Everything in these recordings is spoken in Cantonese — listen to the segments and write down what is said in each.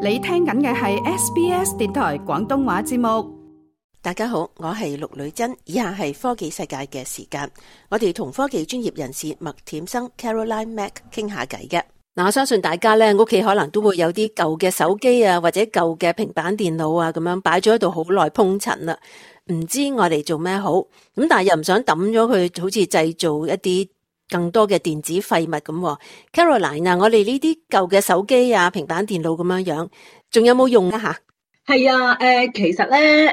你聽緊嘅係 SBS 電台廣東話節目，大家好，我係陸女珍。以下係科技世界嘅時間，我哋同科技專業人士麥恬生 Caroline Mak 傾下偈嘅。嗱、嗯，我相信大家咧屋企可能都會有啲舊嘅手機啊，或者舊嘅平板電腦啊，咁樣擺咗喺度好耐，碰塵啦，唔知我哋做咩好，咁但係又唔想抌咗佢，好似製造一啲。更多嘅電子廢物咁，Caroline，我哋呢啲舊嘅手機啊、平板電腦咁樣樣，仲有冇用啊？吓，係啊，誒，其實咧，誒，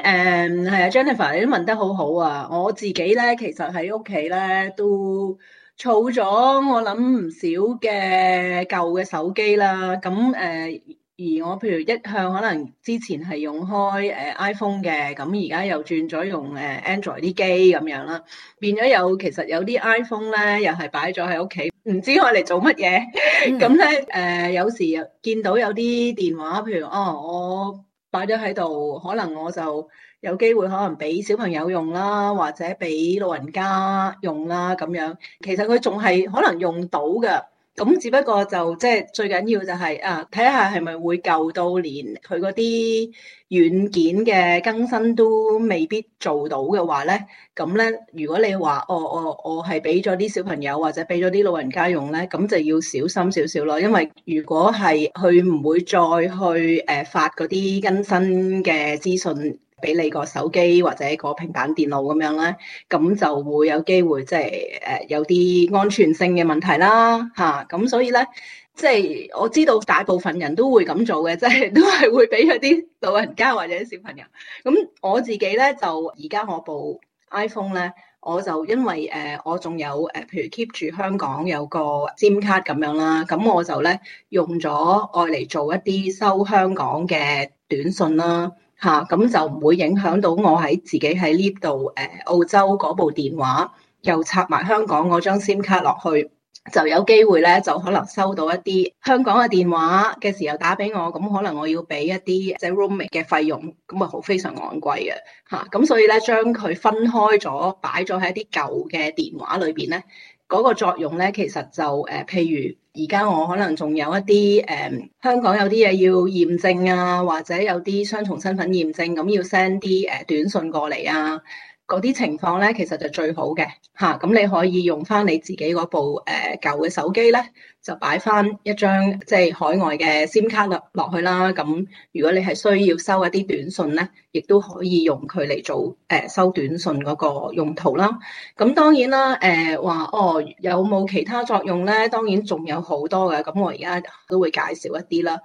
係啊，Jennifer，你都問得好好啊，我自己咧，其實喺屋企咧都儲咗，我諗唔少嘅舊嘅手機啦，咁、呃、誒。而我譬如一向可能之前係用開誒 iPhone 嘅，咁而家又轉咗用誒 Android 啲機咁樣啦，變咗有其實有啲 iPhone 咧又係擺咗喺屋企，唔知我嚟做乜嘢？咁咧誒，有時又見到有啲電話，譬如哦，我擺咗喺度，可能我就有機會可能俾小朋友用啦，或者俾老人家用啦咁樣，其實佢仲係可能用到㗎。咁只不過就即係、就係、最緊要就係、係、啊，睇下係咪會舊到連佢嗰啲軟件嘅更新都未必做到嘅話咧，咁咧如果你話、哦哦、我我我係俾咗啲小朋友或者俾咗啲老人家用咧，咁就要小心少少咯，因為如果係佢唔會再去誒、啊、發嗰啲更新嘅資訊。俾你個手機或者個平板電腦咁樣咧，咁就會有機會即係誒有啲安全性嘅問題啦，吓，咁所以咧，即係我知道大部分人都會咁做嘅，即係都係會俾佢啲老人家或者小朋友。咁我自己咧就而家我部 iPhone 咧，我就因為誒我仲有誒，譬如 keep 住香港有個 SIM 卡咁樣啦，咁我就咧用咗愛嚟做一啲收香港嘅短信啦。嚇，咁、啊、就唔會影響到我喺自己喺呢度誒澳洲嗰部電話，又插埋香港嗰張 SIM 卡落去，就有機會咧就可能收到一啲香港嘅電話嘅時候打俾我，咁、嗯、可能我要俾一啲即係 roaming 嘅費用，咁啊好非常昂貴嘅嚇，咁、啊、所以咧將佢分開咗擺咗喺一啲舊嘅電話裏邊咧。嗰個作用咧，其實就誒、呃，譬如而家我可能仲有一啲誒、呃，香港有啲嘢要驗證啊，或者有啲雙重身份驗證，咁要 send 啲誒短訊過嚟啊。嗰啲情況咧，其實就最好嘅嚇。咁、啊、你可以用翻你自己嗰部誒、呃、舊嘅手機咧，就擺翻一張即係、就是、海外嘅 SIM 卡落落去啦。咁如果你係需要收一啲短信咧，亦都可以用佢嚟做誒、呃、收短信嗰個用途啦。咁當然啦，誒、呃、話哦，有冇其他作用咧？當然仲有好多嘅。咁我而家都會介紹一啲啦，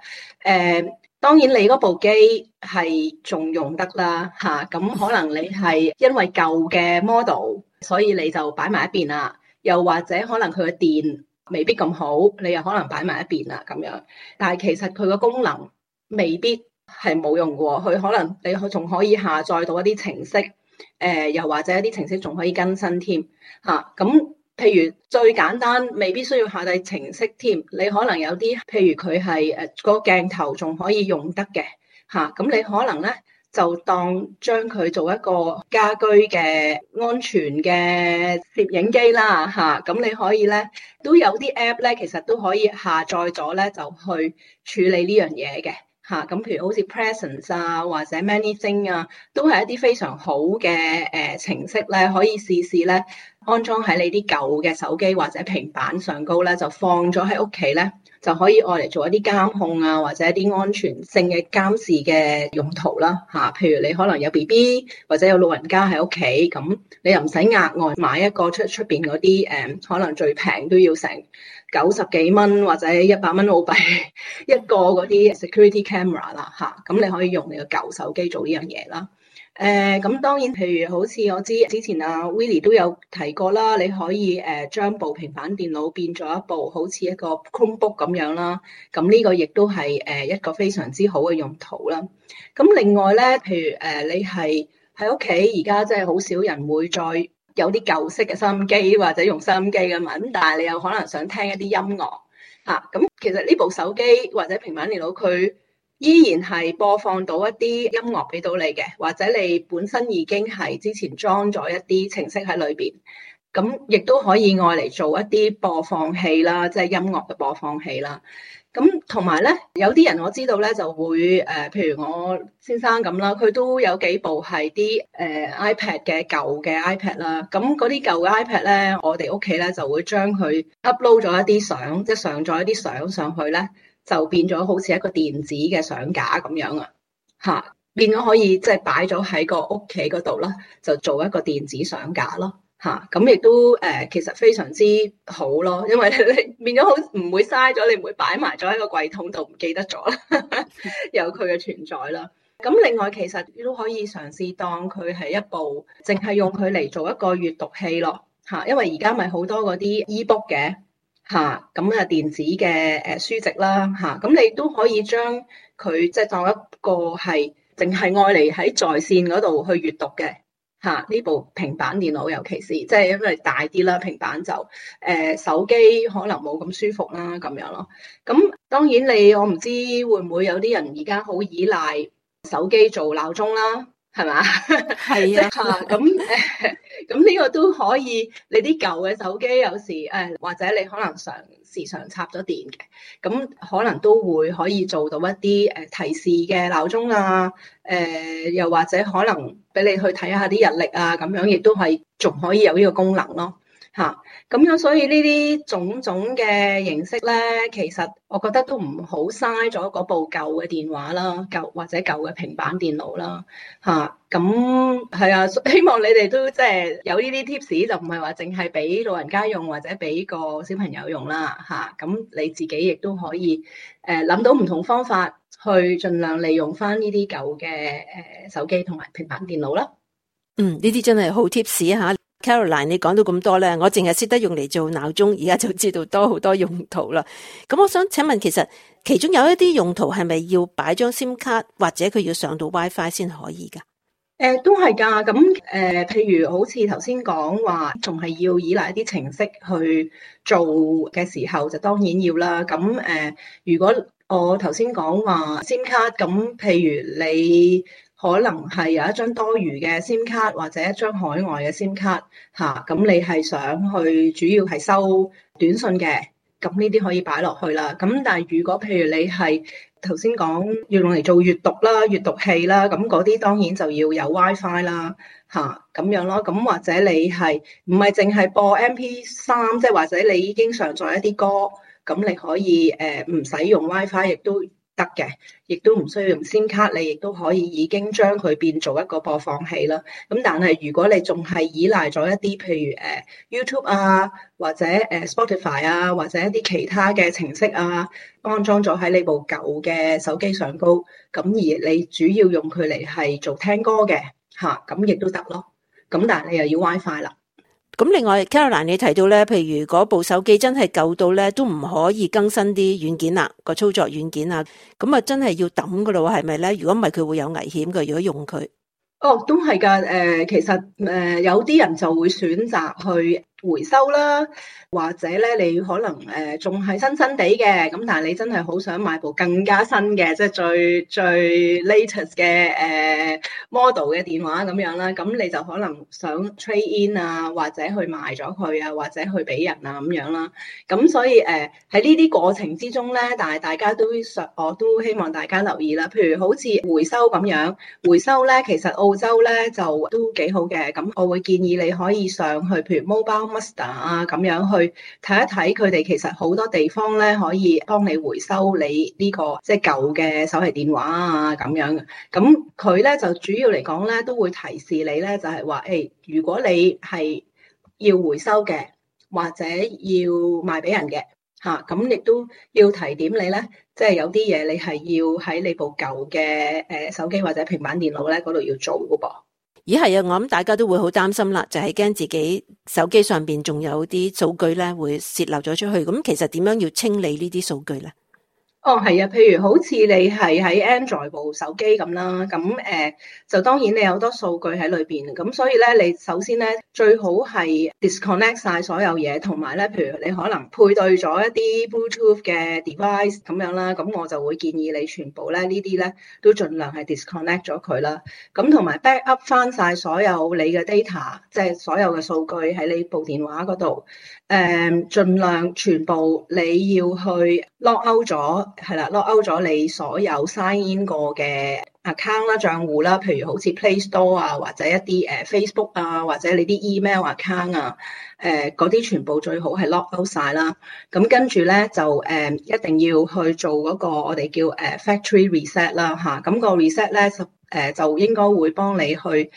誒、呃。當然，你嗰部機係仲用得啦，嚇、啊、咁可能你係因為舊嘅 model，所以你就擺埋一邊啦。又或者可能佢嘅電未必咁好，你又可能擺埋一邊啦咁樣。但係其實佢嘅功能未必係冇用嘅喎，佢可能你仲可以下載到一啲程式，誒、呃、又或者一啲程式仲可以更新添嚇咁。啊譬如最簡單，未必需要下載程式添。你可能有啲譬如佢係誒個鏡頭仲可以用得嘅嚇，咁、啊、你可能咧就當將佢做一個家居嘅安全嘅攝影機啦嚇。咁、啊、你可以咧都有啲 app 咧，其實都可以下載咗咧就去處理呢樣嘢嘅。嚇咁，啊、譬如好似 Presence 啊，或者 ManyThings 啊，都係一啲非常好嘅誒、呃、程式咧，可以試試咧，安裝喺你啲舊嘅手機或者平板上高咧，就放咗喺屋企咧。就可以外嚟做一啲監控啊，或者一啲安全性嘅監視嘅用途啦，吓，譬如你可能有 B B 或者有老人家喺屋企，咁你又唔使額外買一個出出邊嗰啲誒，可能最平都要成九十幾蚊或者一百蚊澳幣一個嗰啲 security camera 啦，吓，咁你可以用你個舊手機做呢樣嘢啦。誒，咁、呃、當然，譬如好似我知之前阿、啊、Willie 都有提過啦，你可以誒將、呃、部平板電腦變作一部好似一個 Chromebook 咁樣啦，咁呢個亦都係誒一個非常之好嘅用途啦。咁另外咧，譬如誒、呃、你係喺屋企，而家即係好少人會再有啲舊式嘅收音機或者用收音機嘅嘛，咁但係你又可能想聽一啲音樂吓，咁、啊、其實呢部手機或者平板電腦佢。依然係播放到一啲音樂俾到你嘅，或者你本身已經係之前裝咗一啲程式喺裏邊，咁亦都可以愛嚟做一啲播放器啦，即係音樂嘅播放器啦。咁同埋咧，有啲人我知道咧就會誒、呃，譬如我先生咁啦，佢都有幾部係啲誒 iPad 嘅舊嘅 iPad 啦。咁嗰啲舊嘅 iPad 咧，我哋屋企咧就會將佢 upload 咗一啲相，即係上咗一啲相上去咧。就變咗好似一個電子嘅相架咁樣啊，吓變咗可以即係擺咗喺個屋企嗰度啦，就做一個電子相架咯，吓咁亦都誒、呃、其實非常之好咯，因為你變咗好唔會嘥咗，你唔會擺埋咗喺個櫃桶度，唔記得咗啦， 有佢嘅存在啦。咁另外其實都可以嘗試當佢係一部淨係用佢嚟做一個閱讀器咯，吓、啊，因為而家咪好多嗰啲 ebook 嘅。嚇，咁啊，電子嘅誒書籍啦，嚇、啊、咁你都可以將佢即係當一個係淨係愛嚟喺在線嗰度去閱讀嘅。嚇。呢、啊、部平板電腦尤其是即係因為大啲啦，平板就誒、啊、手機可能冇咁舒服啦咁樣咯。咁、啊、當然你我唔知會唔會有啲人而家好依賴手機做鬧鐘啦。係嘛？係啊是，咁 誒說，咁呢的樣個都可以。 你啲舊嘅手機有時誒，或者你可能常時常插咗電嘅，咁可能都會可以做到一啲誒提示嘅鬧鐘啊。誒、呃，又或者可能俾你去睇下啲日曆啊，咁樣亦都係仲可以有呢個功能咯。吓咁樣，所以呢啲種種嘅形式咧，其實我覺得都唔好嘥咗嗰部舊嘅電話啦，舊或者舊嘅平板電腦啦。吓咁係啊，希望你哋都即係、就是、有呢啲 tips，就唔係話淨係俾老人家用或者俾個小朋友用啦。吓、啊、咁、啊、你自己亦都可以誒諗、呃、到唔同方法去盡量利用翻呢啲舊嘅誒手機同埋平板電腦啦。嗯，呢啲真係好 tips 吓、啊。Caroline，你講到咁多咧，我淨係識得用嚟做鬧鐘，而家就知道多好多用途啦。咁我想請問，其實其中有一啲用途係咪要擺張 SIM 卡，或者佢要上到 WiFi 先可以噶？誒、呃，都係㗎。咁誒、呃，譬如好似頭先講話，仲係要依賴一啲程式去做嘅時候，就當然要啦。咁誒、呃，如果我頭先講話 SIM 卡，咁譬如你。可能係有一張多餘嘅 SIM 卡或者一張海外嘅 SIM 卡，嚇、啊、咁你係想去主要係收短信嘅，咁呢啲可以擺落去啦。咁但係如果譬如你係頭先講要用嚟做閲讀啦、閲讀器啦，咁嗰啲當然就要有 WiFi 啦，嚇、啊、咁樣咯。咁或者你係唔係淨係播 MP 三，即係或者你已經上載一啲歌，咁你可以誒唔使用，用 WiFi 亦都，得嘅，亦都唔需要用 SIM 卡，你亦都可以已經將佢變做一個播放器啦。咁但係如果你仲係依賴咗一啲，譬如誒 YouTube 啊，或者誒 Spotify 啊，或者一啲其他嘅程式啊，安裝咗喺你部舊嘅手機上高，咁而你主要用佢嚟係做聽歌嘅，吓咁亦都得咯。咁但係你又要 WiFi 啦。咁另外，Caroline 你提到咧，譬如部手機真係舊到咧都唔可以更新啲軟件啦，個操作軟件啊，咁啊真係要抌㗎咯喎，係咪咧？如果唔係，佢會有危險嘅。如果用佢，哦，都係㗎。誒、呃，其實誒、呃、有啲人就會選擇去回收啦，或者咧你可能誒仲係新新地嘅，咁但係你真係好想買部更加新嘅，即係最最 latest 嘅誒 model 嘅電話咁樣啦，咁你就可能想 trade in 啊，或者去賣咗佢啊，或者去俾人啊咁樣啦。咁所以誒喺呢啲過程之中咧，但係大家都想，我都希望大家留意啦。譬如好似回收咁樣，回收咧其實澳洲咧就都幾好嘅，咁我會建議你可以上去，譬如 mobile。master 啊，咁樣去睇一睇佢哋，其實好多地方咧可以幫你回收你呢個即係舊嘅手提電話啊，咁樣嘅。咁佢咧就主要嚟講咧，都會提示你咧，就係話，誒，如果你係要回收嘅，或者要賣俾人嘅，吓咁亦都要提點你咧，即係有啲嘢你係要喺你部舊嘅誒手機或者平板電腦咧嗰度要做㗎噃。咦，係啊，我諗大家都會好擔心啦，就係、是、驚自己手機上面仲有啲數據咧會泄漏咗出去。咁、嗯、其實點樣要清理呢啲數據呢？哦，係啊，譬如好似你係喺 Android 部手機咁啦，咁誒、呃、就當然你有好多數據喺裏邊，咁所以咧你首先咧最好係 disconnect 晒所有嘢，同埋咧譬如你可能配對咗一啲 Bluetooth 嘅 device 咁樣啦，咁我就會建議你全部咧呢啲咧都儘量係 disconnect 咗佢啦，咁同埋 backup 翻晒所有你嘅 data，即係所有嘅數據喺你部電話嗰度，誒、嗯、盡量全部你要去 lockout 咗。係啦，lockout 咗你所有 sign in 過嘅 account 啦、賬戶啦，譬如好似 Play Store 啊，或者一啲誒 Facebook 啊，或者你啲 email account 啊，誒嗰啲全部最好係 lockout 晒啦。咁跟住咧就誒、呃、一定要去做嗰個我哋叫誒 factory reset 啦，嚇、啊。咁、個 reset 咧就誒、呃、就應該會幫你去誒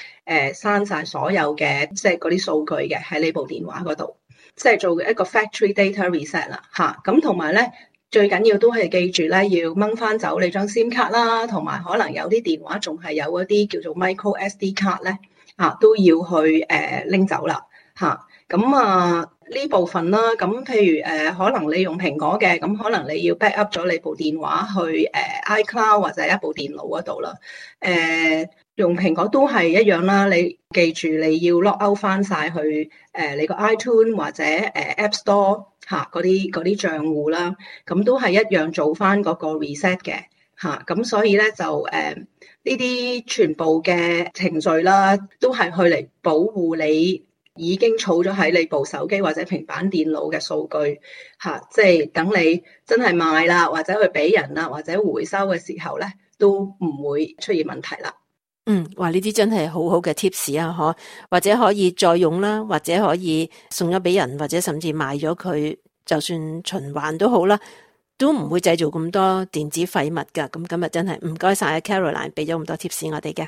刪晒所有嘅即係嗰啲數據嘅喺呢部電話嗰度，即、就、係、是、做一個 factory data reset 啦，嚇、啊。咁同埋咧。最緊要都係記住咧，要掹翻走你張 SIM 卡啦，同埋可能有啲電話仲係有嗰啲叫做 micro SD 卡咧，吓都要去誒拎、呃、走啦，吓咁啊！呢部分啦，咁譬如誒、呃，可能你用蘋果嘅，咁可能你要 back up 咗你部電話去誒、呃、iCloud 或者一部電腦嗰度啦。誒、呃、用蘋果都係一樣啦，你記住你要 log out 翻晒去誒、呃、你個 iTunes 或者誒、呃、App Store 嚇嗰啲嗰啲賬戶啦，咁、啊、都係一樣做翻嗰個 reset 嘅嚇。咁、啊、所以咧就誒呢啲全部嘅程序啦、啊，都係去嚟保護你。已經儲咗喺你部手機或者平板電腦嘅數據，吓，即係等你真係賣啦，或者去俾人啦，或者回收嘅時候咧，都唔會出現問題啦。嗯，哇，呢啲真係好好嘅 tips 啊，嗬，或者可以再用啦，或者可以送咗俾人，或者甚至賣咗佢，就算循環都好啦，都唔會製造咁多電子廢物噶。咁今日真係唔該晒 Caroline 俾咗咁多 tips 我哋嘅。